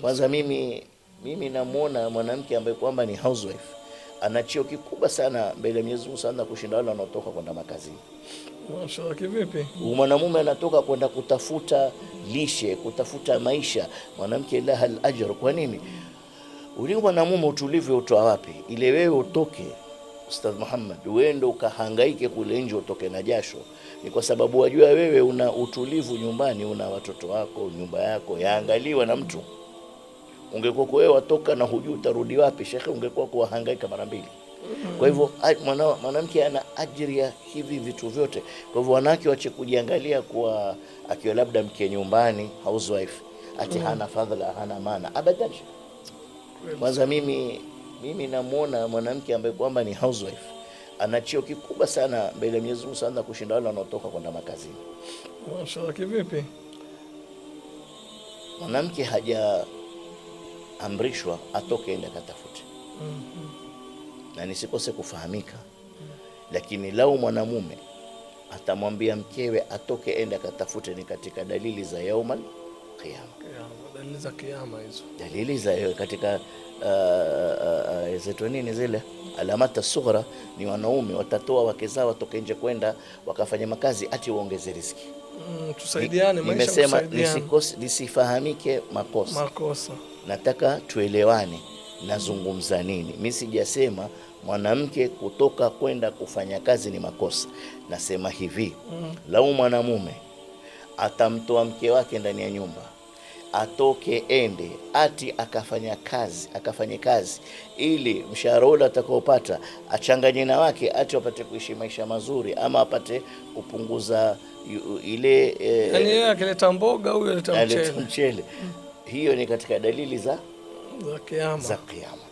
Kwanza mimi mimi namwona mwanamke ambaye kwamba ni housewife ana cheo kikubwa sana mbele ya Mwenyezi Mungu sana kushinda wale wanaotoka kwenda makazini. Mashaallah, kivipi? Mwanamume anatoka kwenda kutafuta lishe, kutafuta maisha, mwanamke laha al-ajr. Kwa nini uli mwanamume utulivu utoa wapi? Ile wewe utoke Ustadh Muhammad, uende ukahangaike kule nje, utoke na jasho, ni kwa sababu wajua wewe una utulivu nyumbani, una watoto wako, nyumba yako yaangaliwa na mtu ungekuwa kwa wewe watoka na hujui utarudi wapi, shekhe, ungekuwa kuwahangaika mara mbili. Mm-hmm. Kwa hivyo mwanamke ana ajiri ya hivi vitu vyote. Kwa hivyo wanawake wache kujiangalia kuwa akiwa labda mke nyumbani, housewife ati mm-hmm. hana fadhila, hana maana abadan. Kwanza mimi mimi namwona mwanamke ambaye kwamba ni housewife ana cheo kikubwa sana mbele ya Mwenyezi Mungu sana kushinda wale wanaotoka kwenda makazini. Mwanamke haja ameamrishwa atoke ende akatafute mm -hmm. na nisikose kufahamika mm -hmm. Lakini lau mwanamume atamwambia mkewe atoke ende akatafute, ni katika dalili za yaumal kiyama, dalili za kiyama hizo, dalili za katika uh, uh, uh, zetu nini zile alamata sughra ni wanaume watatoa wake zao watoke nje kwenda wakafanya makazi ati waongeze riziki. Mm, tusaidiane, maisha kusaidiana. Nimesema nisifahamike makosa, makosa nataka tuelewane, nazungumza nini? Mi sijasema mwanamke kutoka kwenda kufanya kazi ni makosa. Nasema hivi mm. lau mwanamume atamtoa mke wake ndani ya nyumba atoke ende ati akafanya kazi akafanye kazi ili mshahara ule atakaopata achanganye na wake ati wapate kuishi maisha mazuri, ama apate kupunguza ile, eh, yani akileta mboga huyo aleta mchele mm. Hiyo ni katika dalili za za Kiyama.